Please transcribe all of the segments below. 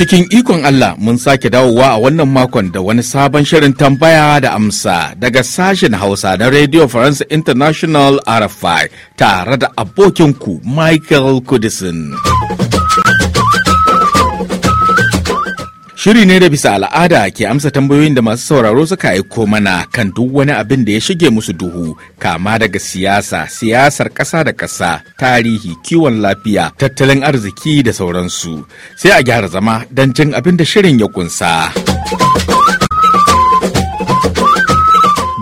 cikin ikon Allah mun sake dawowa a wannan makon da wani sabon shirin tambaya da amsa daga sashen Hausa na Radio France International RFI tare da abokinku Michael Kudisin. Shiri ne da bisa al'ada ke amsa tambayoyin da masu sauraro suka aiko mana kan duk wani abin da ya shige musu duhu, kama daga siyasa, siyasar ƙasa da ƙasa, tarihi, kiwon lafiya, tattalin arziki da sauransu. Sai a gyara zama don jin abin da shirin ya kunsa.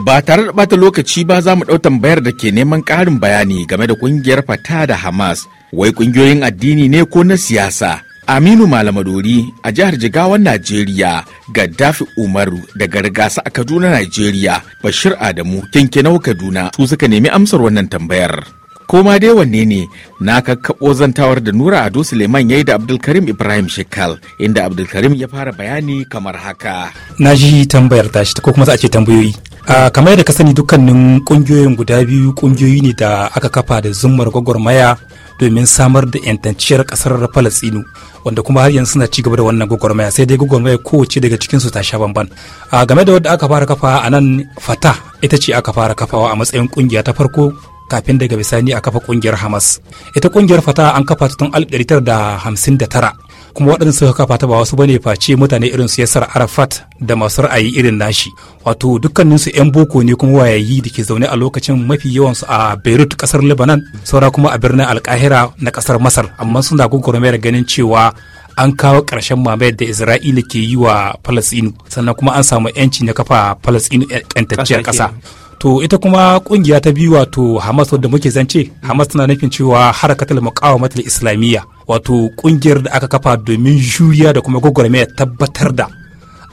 Ba tare da ɓata lokaci ba za mu ɗau tambayar da ke neman ƙarin bayani game da ƙungiyar fata da Hamas, wai ƙungiyoyin addini ne ko na siyasa? Aminu Malamadori a jihar Jigawan Najeriya, Gaddafi Umaru daga Rigasa a Kaduna Najeriya, Bashir Adamu Kinkinau Kaduna su suka nemi amsar wannan tambayar. Koma dai wanne ne na kakkaɓo zantawar da Nura Ado Suleiman yayi yi da Abdulkarim Ibrahim Shekal inda Abdulkarim ya fara bayani kamar haka. Na ji tambayar tashi ko kuma za a ce tambayoyi. A kamar yadda ka sani dukkanin kungiyoyin guda biyu ƙungiyoyi ne da aka kafa da zummar gwagwarmaya domin samar da yantanciyar kasar falastinu wanda kuma har yanzu suna ci gaba da wannan gwagwarmaya sai dai gwagwarmaya kowace daga cikin su ta sha bamban a game da wadda aka fara kafa a nan fata ita ce aka fara kafawa a matsayin kungiya ta farko kafin daga bisani a kafa kungiyar hamas ita kungiyar fata an kafa ta tun 1959 kuma waɗanda suka kafa ta ba wasu bane face mutane irin su yasar arafat da masu ra'ayi irin nashi wato dukkanin su yan boko ne kuma wayayi da ke zaune a lokacin mafi yawan su a beirut kasar lebanon saura kuma a birnin alkahira na kasar masar amma suna da ganin cewa an kawo ƙarshen mamayar da isra'ila ke yi wa falasɗinu sannan kuma an samu 'yanci na kafa falasɗinu 'yantacciyar ƙasa to ita kuma kungiya ta biyu wato hamas da muke zance hamas tana nufin cewa harakatul muqawamatul islamiyya wato kungiyar da aka kafa domin juriya da kuma gwagwarmaya tabbatar da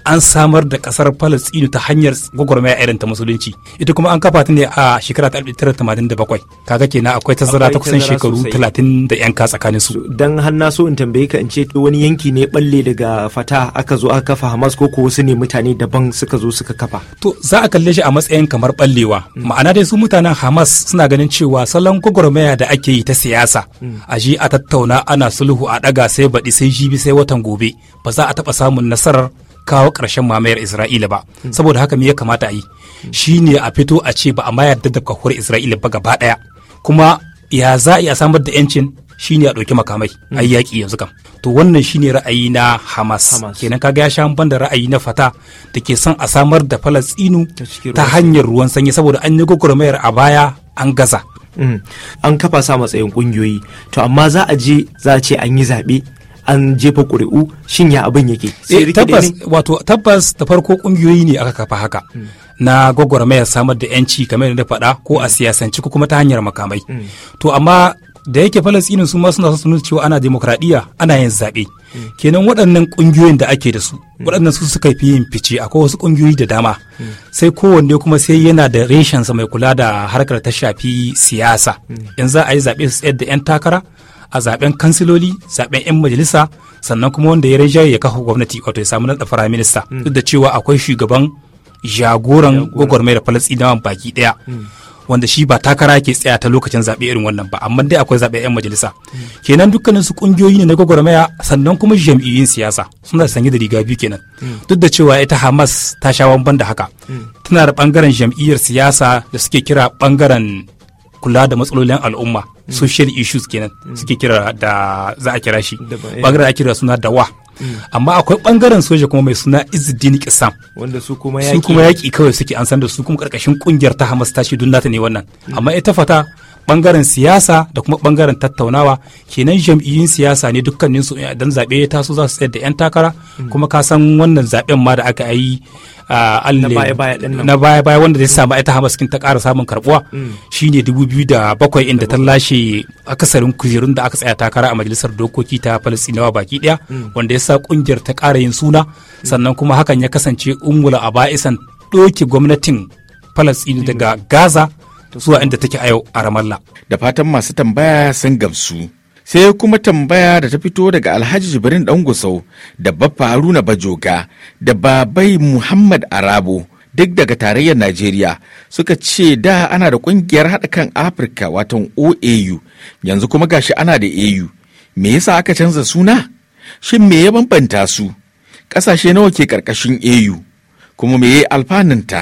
an samar da kasar Falastinu ta hanyar gwagwarmaya irin ta musulunci ita kuma an kafa ta ne a shekara ta 1987 kaga kenan akwai tazara ta kusan shekaru 30 da yan tsakanin su dan har so in tambaye ka in ce wani yanki ne balle daga fata aka zo aka kafa Hamas ko ko wasu ne mutane daban suka zo suka kafa to za a kalle shi a matsayin kamar ballewa mm. ma'ana dai su mutanen Hamas suna ganin cewa salon gwagwarmaya da ake yi ta siyasa mm. a ji a tattauna ana sulhu a daga sai baɗi sai jibi sai watan gobe ba za a taɓa samun nasarar kawo karshen mamayar isra'ila ba saboda haka me ya kamata a yi shine a fito a ce ba a mayar da kafuwar isra'ila ba gaba ɗaya kuma ya za a samar da yancin shine a ɗauki makamai a yi yaƙi yanzu kam to wannan shine ra'ayi na hamas kenan kaga ya sha ban da ra'ayi na fata da ke son a samar da falastinu ta hanyar ruwan sanyi saboda an yi gwagwarmayar a baya an gaza mm. an kafa sa matsayin ƙungiyoyi to amma za a je za a ce an yi zaɓe an jefa ƙuri'u shin ya abin yake eh, tabbas wato tabbas da farko ƙungiyoyi ne aka kafa haka hmm. na gwagwarmayar samar da yanci kamar da faɗa ko a hmm. siyasanci ko kuma ta hanyar makamai hmm. to amma da yake falastinin su ma suna su nuna cewa ana demokradiyya ana yin zaɓe kenan waɗannan ƙungiyoyin da ake da su waɗannan su suka fi yin fice akwai wasu ƙungiyoyi da dama sai kowanne kuma sai yana da reshensa mai kula da harkar ta shafi siyasa in za a yi zaɓe su tsayar da 'yan takara a zaben kansiloli zaben 'yan majalisa sannan kuma wanda ya rinjaye ya kafa gwamnati wato ya samu naɗa firaminista hmm. duk da cewa akwai shugaban jagoran gwagwarmayar falastinawan baki ɗaya hmm. wanda shi ba takara yake tsaya ta lokacin zaɓe irin wannan ba amma dai akwai zaɓe 'yan majalisa hmm. kenan dukkanin su kungiyoyi ne na gwagwarmaya sannan kuma jam'iyyun siyasa suna sanye da riga biyu kenan duk da cewa ita hamas ta sha wani da haka tana da ɓangaren jam'iyyar siyasa da suke kira bangaren kula da matsalolin al'umma social mm. issues kenan mm. suke kira da za a kira shi eh. bangaren ake kira suna dawa mm. amma akwai bangaren soja kuma mai suna izuddin kisam wanda su kuma yaki su kuma yaki kawai suke an san da su kuma karkashin kungiyar ta hamas ta shi nata ne wannan amma ita fata bangaren siyasa da kuma bangaren tattaunawa kenan jam'iyyun siyasa ne dukkaninsu su idan zaɓe ya taso za su tsayar da 'yan takara kuma ka san wannan zaɓen ma da aka yi alle na baya baya wanda zai samu ita hamas kin ta ƙara samun karbuwa mm. shine bakwai inda ta lashe akasarin kujerun da aka tsaya takara a majalisar dokoki ta falastinawa baki daya mm. wanda ya sa kungiyar ta ƙara yin suna sannan kuma hakan ya kasance ungula a ba'isan ɗoke gwamnatin falastinu daga gaza zuwa inda take a yau a ramallah da fatan masu tambaya sun gamsu sai kuma tambaya da ta fito daga alhaji jibrin dan gusau da baffa haruna bajoga da babai muhammad arabo duk daga tarayyar najeriya suka ce da ana da kungiyar haɗa kan afirka watan oau yanzu kuma gashi ana da au me yasa aka canza suna shin me ya bambanta su ƙasashe nawa ke ƙarƙashin au kuma me ya alfanunta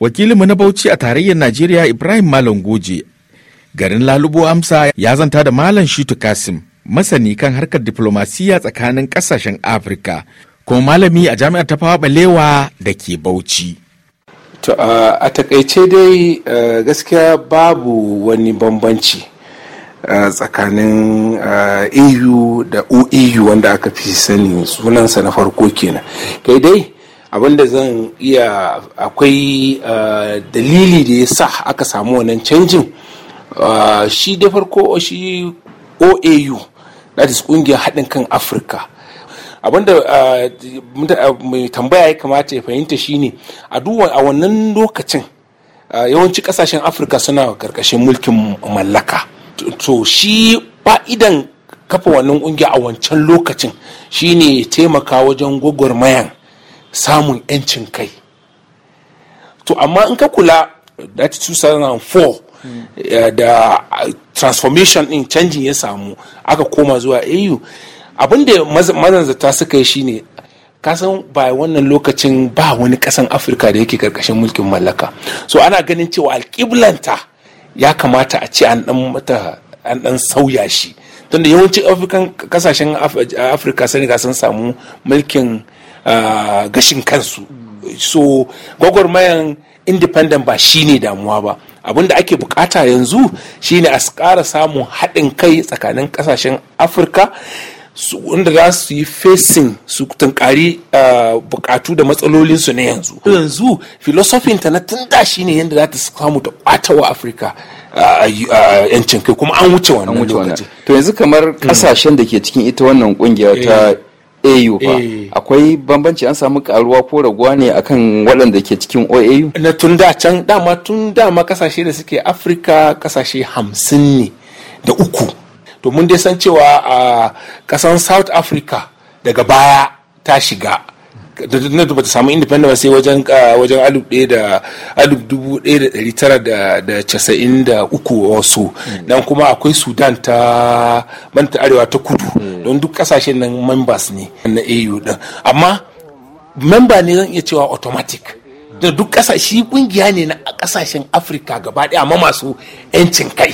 wakilinmu na bauchi a tarayyar najeriya ibrahim malam goje Garin Lalubo Amsa ya zanta da Malam Shitu Kasim, masani kan harkar diplomasiya tsakanin ƙasashen Afirka, kuma malami a jami'ar fawa balewa da ke Bauchi. To a takaice dai gaskiya babu wani bambanci tsakanin EU da OEU wanda aka fi sani sunansa na farko kenan. Kai dai abinda zan iya akwai dalili da ya sa aka samu wannan canjin. Ah, shi da farko shi oau that is kungiyar haɗin kan afirka abinda ah, ah, mai tambaya ya kamata ya fahimta shine a duwa a wannan lokacin yawanci ƙasashen afirka suna ƙarƙashin mulkin mallaka to shi fa'idan kafa wannan ƙungiya a wancan lokacin shine taimaka wajen gwagwarmayan samun 'yancin kai to amma in ka kula 2004 Eh, da transformation din canjin ya samu aka koma zuwa au abinda mazanzata suka yi shine kasan ba wannan lokacin ba wani kasan afirka da yake karkashin mulkin mallaka so ana ganin cewa alkiblanta ya kamata a ce an dan sauya shi tunda yawancin afirkan kasashen afirka sani ga sun samu mulkin ah, gashin kansu so gwagwarmayan independent ba shine damuwa ba abin da ake bukata yanzu shine a ƙara samun haɗin kai tsakanin ƙasashen afirka wanda za su yi facing su tunkari bukatu da matsalolinsu na yanzu yanzu filosofin ta na tunda shine yadda za ta samu ta kwata wa afirka yancin kai kuma an wuce wannan to yanzu kamar kasashen da ke cikin ita wannan kungiya ta eh. AU ba eh. akwai bambanci an samu karuwa ko raguwa ne akan waɗanda ke cikin OAU na tun da can dama tun dama kasashe da suke Afirka kasashe hamsin ne da uku to mun dai san cewa a ah, ƙasan South Africa daga baya ta shiga na duba samu independent ba sai wajen wajen alif ɗaya da alif dubu ɗaya da ɗari tara da casa'in da uku wasu dan hmm. kuma akwai sudan ta manta arewa ta kudu hmm. don duk ƙasashen nan members ne na au ɗin amma member ne zan iya cewa automatic da duk ƙasashe ƙungiya ne na ƙasashen afirka gaba ɗaya amma masu 'yancin kai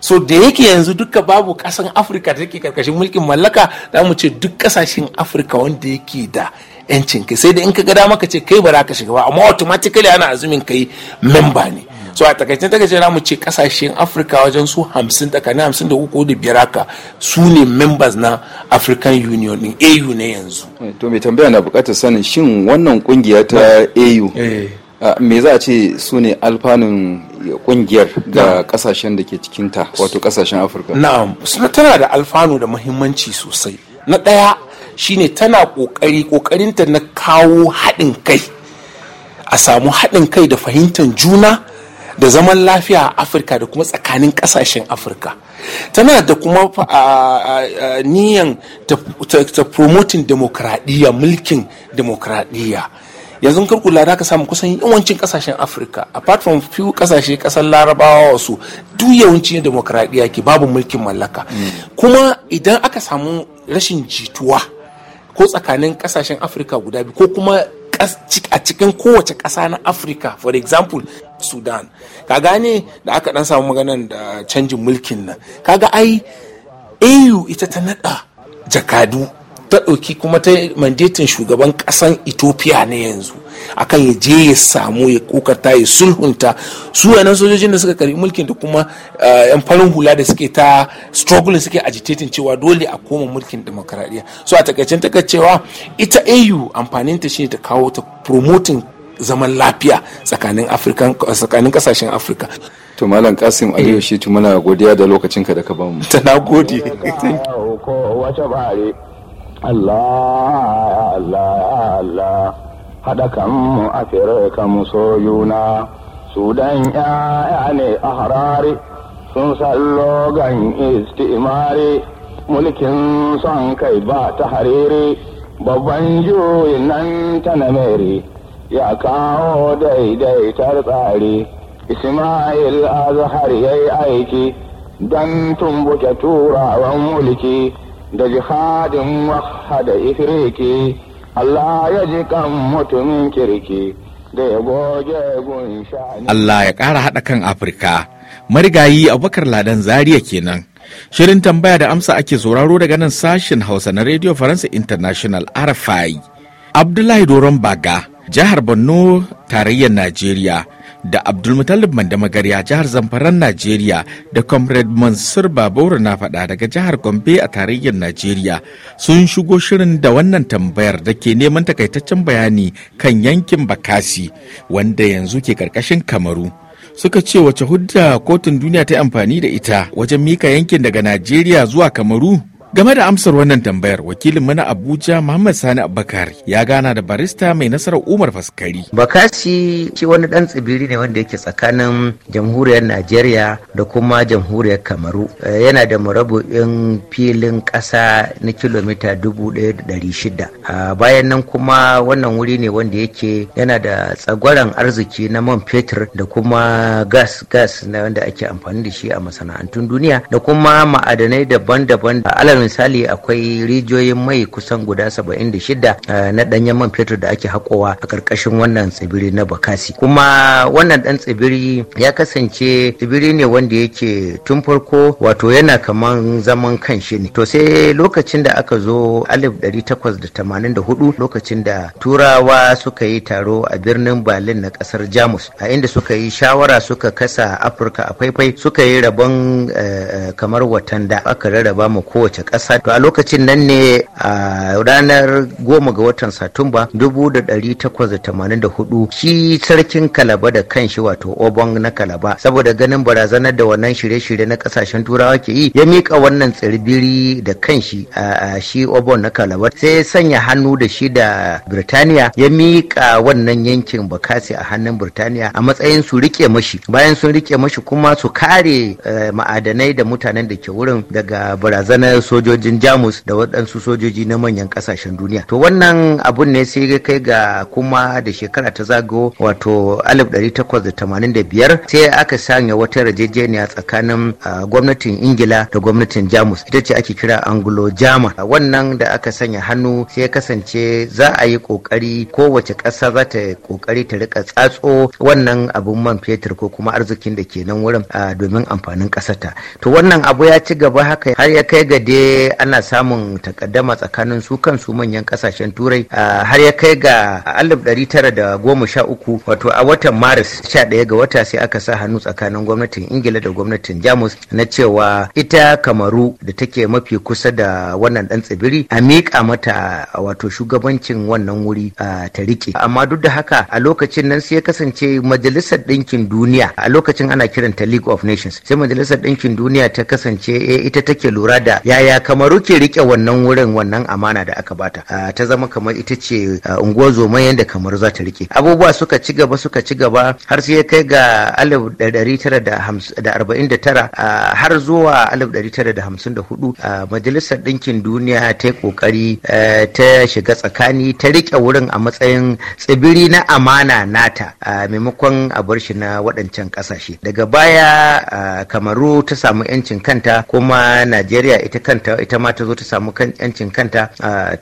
so da yake yanzu duka babu kasan afirka da take karkashin mulkin mallaka za mu ce duk kasashen afirka wanda yake da yancin kai sai da in ka ga dama ka ce kai ba za ka shiga ba amma automatically ana azumin kai memba ne so a takaice takaice na mu ce kasashen afirka wajen su hamsin daga hamsin da uku da biyar haka su ne members na african union din au ne yanzu to mai tambaya na bukatar sanin shin wannan kungiya ta au eh. me za a ce su ne alfanun kungiyar ga kasashen da ke cikinta wato kasashen afirka na'am suna tana da alfanu da muhimmanci sosai na ɗaya shine tana kokari kokarinta na kawo haɗin kai a samu haɗin kai da fahimtar juna da zaman lafiya a afirka da kuma tsakanin ƙasashen afirka tana da kuma niyan ta promoting demokradiyya mulkin demokradiyya yanzu kar kula ka samu kusan yawancin kasashen afirka apart from few kasashe kasar larabawa wasu duk yawanci demokradiyya ke babu mulkin mallaka mm. kuma idan aka samu rashin jituwa ko tsakanin kasashen afirka guda biyu ko kuma a cikin kowace ƙasa na afirka for example sudan ka gane da aka dan samu maganan da canjin mulkin nan kaga ai au ita ta nada jakadu ta ɗauki kuma ta mandetin shugaban ƙasan ethiopia na yanzu akan ya je ya samu ya kokarta ya sulhunta su yanan sojojin da suka karbi mulkin da kuma yan eh, farin hula da suke ta struggling suke agitating cewa dole a koma mulkin demokradiyya so a takaicen takaicewa ita au amfaninta shi ta kawo ta promoting zaman lafiya tsakanin kasashen afirka to malam kasim aliyu eh. shi muna godiya da lokacinka da ka bamu ta na gode Allah Allah Allah haɗa kanmu a Afirka mu juna Sudan ‘ya'ya ne a harare sun sallo gan istimare mulkin son kai ba ta harere babban juyin nan ta namere ya kawo daidaitar tsari Ismail Azhar ya yi aiki don tumbuke turawan mulki. da jihadin wahada ifiriki Allah ya ji kan mutumin kirki da ya goge gun gunshani. Allah ya ƙara haɗa kan Afirka. Marigayi Abubakar Ladan Zaria kenan. Shirin tambaya da amsa ake sauraro daga nan sashen Hausa na Radio Faransa International RFI. Abdullahi Doron Baga, jihar Borno, tarayyar Najeriya. da abdulmutallib mandamagarya jihar zamfaran najeriya da comrade mansur babauru na faɗa daga jihar gombe a tarayyar najeriya sun shigo shirin da wannan tambayar da ke neman takaitaccen bayani kan yankin bakasi wanda yanzu ke karkashin kamaru suka ce wace hudda kotun duniya ta amfani da ita wajen mika yankin daga najeriya zuwa kamaru Game da amsar wannan tambayar wakilin mu na Abuja Muhammad Sani Abubakar ya gana da barista mai nasarar Umar Faskari. Bakashi shi wani dan tsibiri ne wanda yake tsakanin jamhuriyar Najeriya da kuma jamhuriyar Kamaru. Eh, yana da murabu'in filin ƙasa na kilomita 1,600. Bayan nan kuma wannan wuri ne wanda yake yana da tsagwaran arziki na man fetur da kuma gas gas na wanda ake amfani da shi a masana'antun duniya da kuma ma'adanai daban-daban. Alal misali akwai rijiyoyin mai kusan guda 76 eh, na danyen man fetur da ake hakowa a karkashin wannan tsibiri na bakasi kuma wannan ɗan tsibiri ya kasance tsibiri ne wanda yake tun farko wato yana kaman zaman kanshi ne to sai lokacin da aka zo 1884 lokacin da turawa suka yi taro a birnin berlin na ƙasar jamus a inda suka yi shawara suka kasa afirka a faifai suka yi rabon eh, eh, kamar watan da aka rarraba mu kowace ƙasa to a lokacin nan ne a ranar goma ga watan satumba 1884 shi sarkin kalaba da kanshi wato obon na kalaba saboda ganin barazanar da wannan shirye-shirye na kasashen turawa ke yi ya mika wannan tsirbiri da kanshi a shi obon na kalaba sai ya sanya hannu da shi da birtaniya ya mika wannan yankin bakasi a hannun birtaniya a matsayin su rike mashi bayan sun rike mashi kuma su kare eh, ma'adanai da mutanen da ke wurin daga barazanar so sojojin jamus da waɗansu sojoji na manyan ƙasashen duniya to wannan abun ne sai kai ga kuma da shekara ta zagayo wato 1885 sai aka sanya wata yarjejeniya tsakanin gwamnatin ingila da gwamnatin jamus ita ce ake kira anglo german wannan da aka sanya hannu sai kasance za a yi kokari kowace ƙasa za ta kokari ta rika tsatso wannan abun man fetur ko kuma arzikin da ke nan wurin domin amfanin ƙasata to wannan abu ya ci gaba haka har ya kai ga dai ana samun takaddama tsakanin su kansu manyan kasashen turai har ya kai ga 1913 wato a watan maris 11 ga wata sai aka sa hannu tsakanin gwamnatin ingila da gwamnatin jamus na cewa ita kamaru da take mafi kusa da wannan dan tsibiri a miƙa mata wato shugabancin wannan wuri ta rike amma duk da haka a lokacin nan sai ya kasance majalisar ɗinkin duniya a lokacin ana kiranta league of nations sai majalisar ɗinkin duniya ta kasance eh, ita take lura da yaya yaya kamaru ke rike wannan wurin wannan amana da aka bata ah, ta zama kamar ita ce ah, unguwar zoma yadda kamar za ta rike abubuwa suka ci gaba suka ci gaba har sai ya kai ga 1949 ah, har zuwa 1954 majalisar ɗinkin duniya ta yi ƙoƙari eh, ta shiga tsakani ta rike wurin a matsayin tsibiri na amana nata maimakon a bar shi na waɗancan ƙasashe daga baya kamaru ta samu 'yancin kanta kuma najeriya ita kanta ita ma ta zo ta samu kan kanta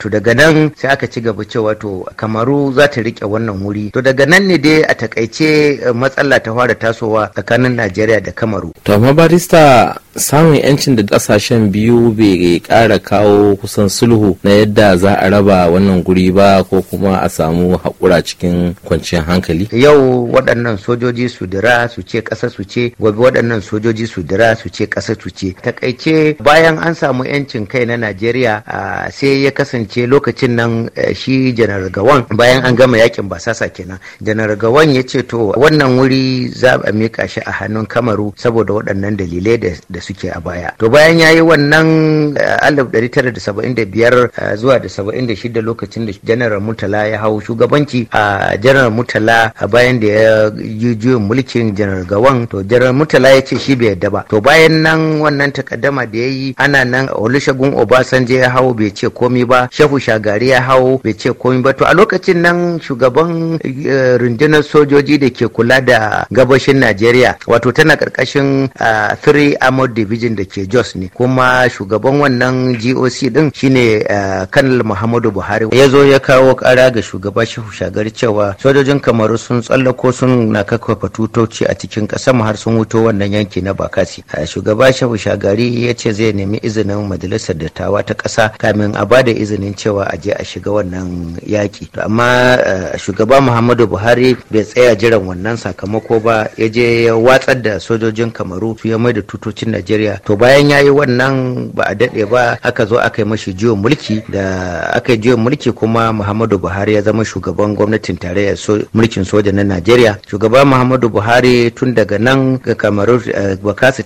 to daga nan sai aka ci gaba cewa to kamaru za ta rike wannan wuri to daga nan ne dai a takaice eh, matsala ta fara tasowa tsakanin najeriya da kamaru to amma barista samun yancin da kasashen biyu bai kara kawo kusan sulhu na yadda za a raba wannan guri ba ko kuma a samu haƙura cikin kwanciyar hankali yau waɗannan sojoji su dira su ce ƙasa su ce gobe waɗannan sojoji su dira su ce ƙasa su ce takaice bayan an samu 'yancin kai na najeriya sai ya kasance lokacin nan eh, shi janar gawan bayan an gama yakin basasa kenan janar gawan ya ce to wannan wuri za a mika shi a hannun kamaru saboda waɗannan dalilai da suke a baya to bayan ya yi wannan 1975 eh, eh, zuwa da 76 lokacin da janar murtala ya hau shugabanci a janar murtala bayan da ya yi juyin mulkin janar gawan to janar murtala ya ce shi bai yadda ba to bayan nan wannan takaddama da ya yi ana nan olusegun obasanjo ya hau bai ce komi ba shehu shagari ya hau bai ce komi ba to a lokacin nan shugaban eh, rundunar sojoji da ke kula da gabashin najeriya wato tana karkashin 3 ah, armored division da ke jos ne kuma shugaban wannan goc din shine kanal eh, muhammadu buhari ya zo ya kawo kara ga shugaba shehu shagari cewa sojojin kamaru sun tsallako sun na kakkafa tutoci a cikin kasa har sun wuto wannan yanki na bakasi ah, shugaba shehu shagari ya ce zai nemi izinin majalisar dattawa ta ƙasa kamin a bada izinin cewa a je a shiga wannan yaƙi to amma eh, shugaba muhammadu buhari bai tsaya jiran wannan sakamako ba ya je ya watsar da sojojin kamaru su mai da tutocin najeriya to bayan ya yi wannan ba a daɗe ba aka zo aka yi mashi juyin mulki da aka yi juyin mulki kuma muhammadu buhari ya zama shugaban gwamnatin tarayya mulkin soja na najeriya shugaba muhammadu buhari tun daga nan ga kamaru eh,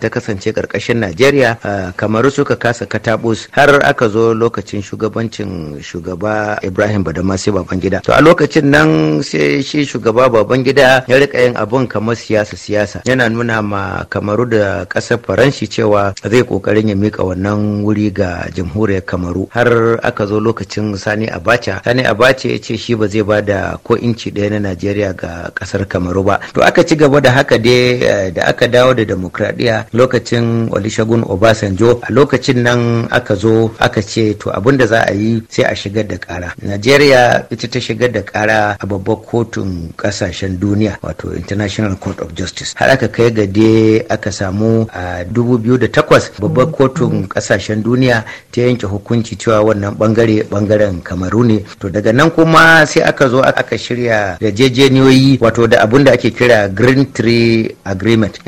ta kasance ƙarƙashin najeriya eh, kamaru suka kasa katabus har aka zo lokacin shugabancin shugaba ibrahim badamasi babangida to a lokacin nan sai shi shugaba baban gida ya rika yin abun kamar siyasa siyasa yana nuna ma kamaru da kasar Faransi cewa zai kokarin ya mika wannan wuri ga jamhuriyar kamaru har aka zo lokacin sani abacha sani abacha ya ce shi ba zai ba da ko inci ɗaya na najeriya ga kasar kamaru ba to aka ci gaba da haka dai eh, da aka dawo da demokradiya lokacin olusegun obasanjo a lokacin nan nan aka zo aka ce to abin da za a yi sai a shigar da kara najeriya ita ta shigar da kara a babbar kotun kasashen duniya wato international court of justice har aka kai gade aka samu a 2008 babbar mm. kotun kasashen mm. duniya ta yanke hukunci cewa wannan bangare bangaren kamaru ne to daga nan kuma sai aka zo aka shirya da jejeniyoyi wato da abin da ake kira green tree agreement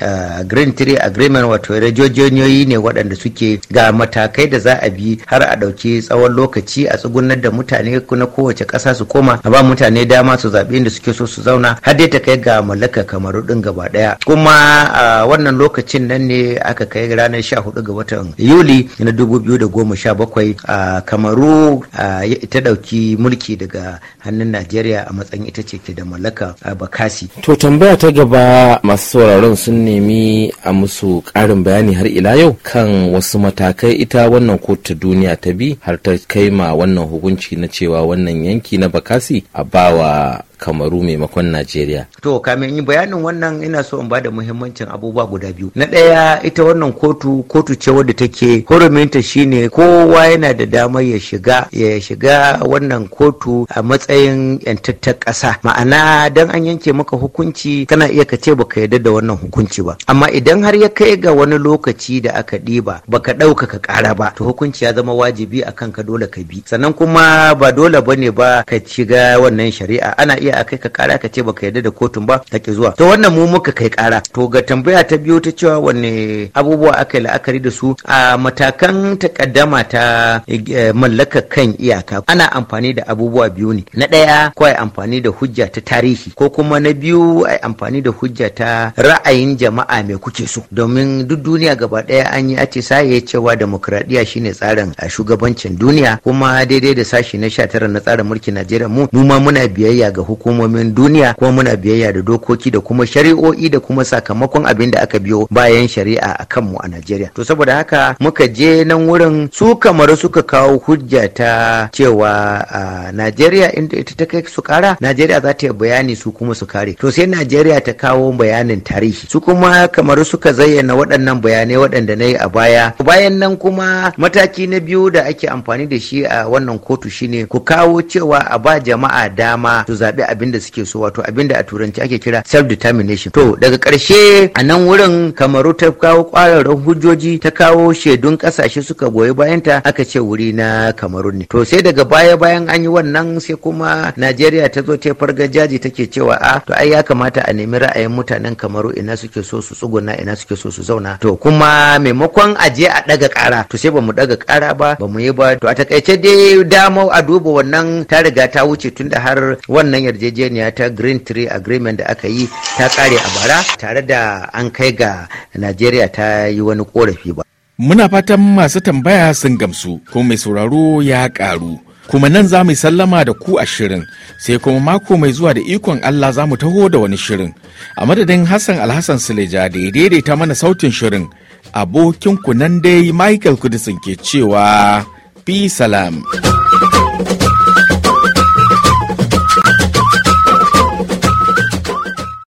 green tree agreement wato ne waɗanda suke ga mata matakai da za a bi har a ɗauki tsawon lokaci a tsugunar da mutane na kowace ƙasa su koma a ba mutane dama su zaɓi inda suke so su zauna har dai ta kai ga mallaka kamaru ɗin gaba ɗaya kuma a wannan lokacin nan ne aka kai ranar sha hudu ga watan yuli na dubu biyu da goma sha bakwai a kamaru ita ɗauki mulki daga hannun najeriya a matsayin ita ce ke da mallaka a bakasi to tambaya ta gaba masu sauraron sun nemi a musu ƙarin bayani har ila yau kan wasu matakai ita wannan kotu duniya ta bi har ta kai ma wannan hukunci na cewa wannan yanki na bakasi a bawa kamaru maimakon najeriya to kamin yi bayanin wannan ina so in bada muhimmancin abubuwa guda biyu na ɗaya ita wannan kotu kotu ce wadda take huruminta shine kowa yana da damar ya shiga ya shiga wannan kotu a matsayin yantattar ƙasa ma'ana dan an yanke maka hukunci kana iya ka ce baka yarda da wannan hukunci ba amma idan har ya kai ga wani lokaci da aka ɗiba baka ɗaukaka ƙara ba to hukunci ya zama wajibi akan ka dole ka bi sannan kuma ba dole bane ba ka shiga wannan shari'a ana iya tambaya a kai ka kara ka ce baka yarda da kotun ba ta ki zuwa to wannan mu muka kai kara to ga tambaya ta biyu ta cewa wanne abubuwa aka yi la'akari da su a matakan takaddama ta eh, mallaka kan iyaka ana amfani da abubuwa biyu ne na ɗaya ko amfani da hujja ta tarihi ko kuma na biyu ai amfani da hujja ta ra'ayin jama'a mai kuke so domin duk duniya gaba ɗaya an yi ace saye cewa demokradiya shine tsarin a shugabancin duniya kuma daidai da sashi na 19 na tsarin mulkin najeriya mu mu ma muna biyayya ga hukuma. hukumomin duniya kuma muna biyayya da dokoki da kuma shari'o'i da kuma sakamakon abin da aka biyo bayan shari'a a kanmu a Najeriya. To saboda haka muka je nan wurin su kamar suka kawo hujja ta cewa a Najeriya inda ita ta kai su kara Najeriya za ta yi bayani su kuma su kare. To sai Najeriya ta kawo bayanin tarihi. Su kuma kamar suka zayyana waɗannan bayanai waɗanda na yi a baya. Bayan nan kuma mataki na biyu da ake amfani da shi a wannan kotu shine ku kawo cewa a ba jama'a dama su zaɓi da abin da suke so wato abin da a turanci ake kira self determination to daga karshe a nan wurin kamaru ta kawo kwararren hujjoji ta kawo shaidun kasashe suka goyi bayanta aka ce wuri na kamaru ne to sai daga baya bayan an yi wannan sai kuma najeriya ta zo ta farga jaji take cewa a ah, to ai ya kamata a nemi ra'ayin mutanen kamaru ina suke so su tsuguna ina suke so su zauna to kuma maimakon a je a daga kara to sai bamu daga kara ba bamu yi ba to a takaice dai dama a duba wannan ta riga ta wuce tunda har wannan ya yarjejeniya ta green tree agreement da aka yi ta kare a bara tare da an kai ga najeriya ta yi wani korafi ba muna fatan masu tambaya sun gamsu ko mai sauraro ya karu kuma nan za mu sallama da ku a shirin sai kuma mako mai zuwa da ikon Allah za mu taho da wani shirin a madadin Hassan Alhassan Suleja da ya daidaita mana sautin shirin abokin ku nan dai Michael Kudisin ke cewa Peace salam.